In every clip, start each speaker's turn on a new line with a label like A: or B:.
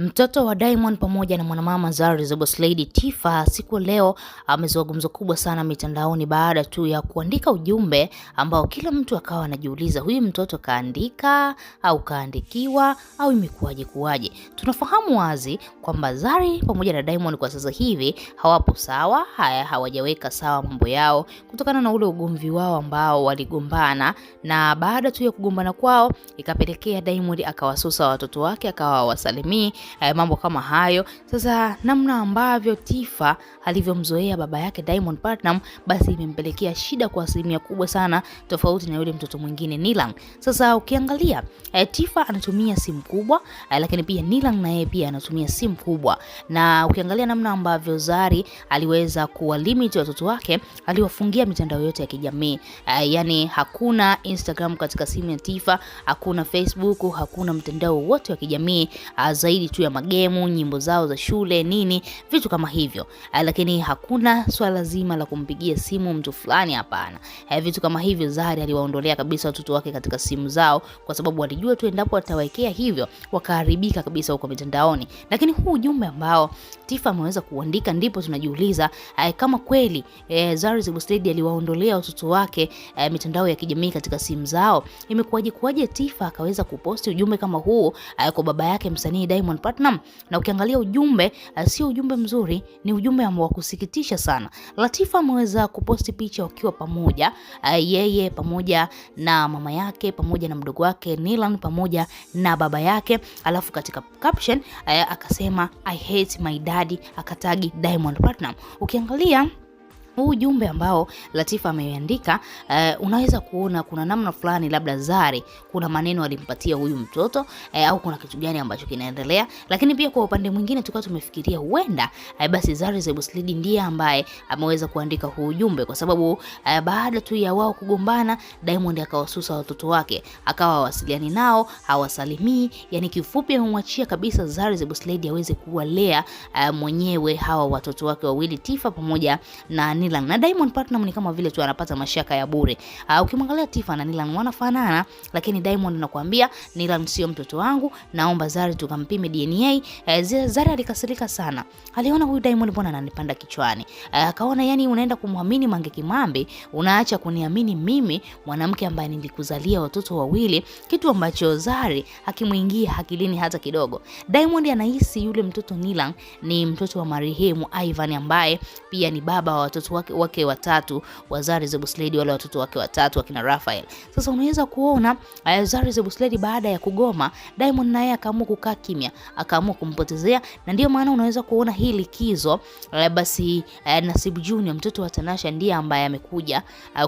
A: Mtoto wa Diamond pamoja na mwanamama Zari the Boss Lady Tifa siku leo amezua gumzo kubwa sana mitandaoni baada tu ya kuandika ujumbe ambao kila mtu akawa anajiuliza huyu mtoto kaandika au kaandikiwa au imekuwaje kuwaje. Tunafahamu wazi kwamba Zari pamoja na Diamond kwa sasa hivi hawapo sawa, haya hawajaweka sawa mambo yao kutokana na ule ugomvi wao ambao waligombana, na baada tu ya kugombana kwao ikapelekea Diamond akawasusa watoto wake akawa wasalimii eh, mambo kama hayo. Sasa namna ambavyo Tifa alivyomzoea baba yake Diamond Platinum, basi imempelekea shida kwa asilimia kubwa sana, tofauti na yule mtoto mwingine Nilang. Sasa ukiangalia eh, Tifa anatumia simu kubwa eh, lakini pia Nilang naye pia anatumia simu kubwa, na ukiangalia namna ambavyo Zari aliweza kuwa limit watoto wake, aliwafungia mitandao yote ya kijamii eh, yani hakuna Instagram katika simu ya Tifa, hakuna Facebook, hakuna mtandao wote wa kijamii ah, zaidi tu ya magemu, nyimbo zao za shule, nini, vitu kama hivyo. Eh, lakini hakuna swala zima la kumpigia simu mtu fulani, hapana. Eh, vitu kama hivyo Zari aliwaondolea kabisa watoto wake katika simu zao, kwa sababu walijua tu endapo watawekea hivyo wakaharibika kabisa huko mitandaoni. Lakini huu ujumbe ambao Tifa ameweza kuandika, ndipo tunajiuliza eh, kama kweli e, Zari Zebustedi aliwaondolea watoto wake e, mitandao ya kijamii katika simu zao. Imekuwaje kuwaje Tifa akaweza kuposti ujumbe kama huu kwa baba yake msanii Diamond Diamond Platnumz, na ukiangalia ujumbe eh, sio ujumbe mzuri, ni ujumbe wa kusikitisha sana. Latifa ameweza kuposti picha wakiwa pamoja, eh, yeye pamoja na mama yake pamoja na mdogo wake Nilan pamoja na baba yake, alafu katika caption eh, akasema I hate my daddy, akatagi Diamond Platnumz. Ukiangalia huu ujumbe ambao Latifa ameandika e, unaweza kuona kuna namna fulani labda Zari kuna maneno alimpatia huyu mtoto e, au kuna kitu gani ambacho kinaendelea, lakini pia kwa upande mwingine tukawa tumefikiria huenda e, basi Zari Zebuslidi ndiye ambaye ameweza kuandika huu ujumbe kwa sababu e, baada tu ya wao kugombana, Diamond akawasusa watoto wake, akawa hawasiliani nao, hawasalimii, yani kifupi amemwachia kabisa Zari Zebuslidi aweze kuwalea e, mwenyewe hawa watoto wake wawili Tifa pamoja na Nilan na Diamond Platinum ni kama vile tu anapata mashaka ya bure. Uh, ukimwangalia Tifa na Nilan wanafanana, lakini Diamond anakuambia Nilan sio mtoto wangu, naomba Zari tukampime DNA. Uh, eh, Zari alikasirika sana, aliona huyu Diamond bwana ananipanda kichwani. Eh, akaona uh, yani unaenda kumwamini Mange Kimambe, unaacha kuniamini mimi mwanamke ambaye nilikuzalia watoto wawili, kitu ambacho Zari hakimuingia akilini hata kidogo. Diamond anahisi yule mtoto Nilan ni mtoto wa marehemu Ivan ambaye pia ni baba wa watoto wake, wake watatu wa Zari Zebusledi, wale watoto wake watatu wakina Rafael. Sasa unaweza kuona uh, eh, Zari Zebusledi baada ya kugoma Diamond naye akaamua kukaa kimya, akaamua kumpotezea, na ndio maana unaweza kuona hii likizo uh, basi eh, Nasib Junior mtoto wa Tanasha ndiye ambaye amekuja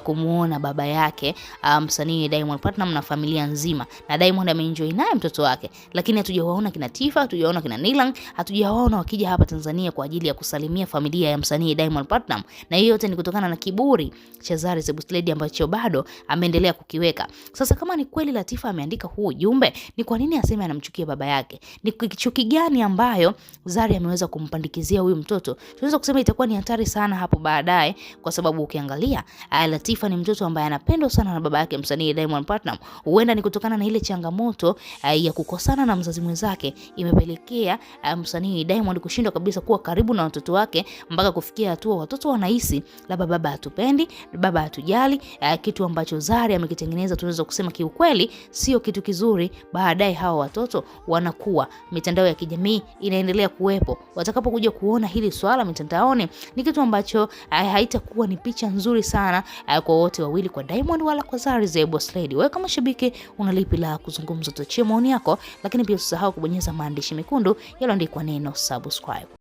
A: kumuona baba yake ah, msanii Diamond Platnumz na familia nzima, na Diamond ameenjoy naye mtoto wake, lakini hatujawaona kina Tifa, hatujawaona kina Nilang, hatujawaona wakija hapa Tanzania kwa ajili ya kusalimia familia ya msanii Diamond Platnumz na hii yote ni kutokana na kiburi cha Zari the Boss Lady ambacho bado ameendelea kukiweka. Sasa kama ni kweli Latifa ameandika huu ujumbe, ni kwa nini aseme anamchukia baba yake? Ni chuki gani ambayo Zari ameweza kumpandikizia huyu mtoto? Tunaweza kusema itakuwa ni hatari sana hapo baadaye, kwa sababu ukiangalia ah, Latifa ni mtoto ambaye anapendwa sana na baba yake msanii Diamond Platinum. Huenda ni kutokana na ile changamoto ah, ya kukosana na mzazi mwenzake imepelekea ah, msanii Diamond kushindwa kabisa kuwa karibu na watoto wake mpaka kufikia hatua watoto wanaishi sisi labda baba hatupendi, baba hatujali, eh, kitu ambacho Zari amekitengeneza, tunaweza kusema kiukweli sio kitu kizuri. Baadaye hawa watoto wanakuwa, mitandao ya kijamii inaendelea kuwepo, watakapokuja kuona hili swala mitandaoni ni kitu ambacho eh, haitakuwa ni picha nzuri sana eh, kwa wote wawili, kwa Diamond wala kwa Zari the Boss Lady. Wewe kama shabiki una lipi la kuzungumza? Tuachie maoni yako, lakini pia usisahau kubonyeza maandishi mekundu yaliyoandikwa neno subscribe.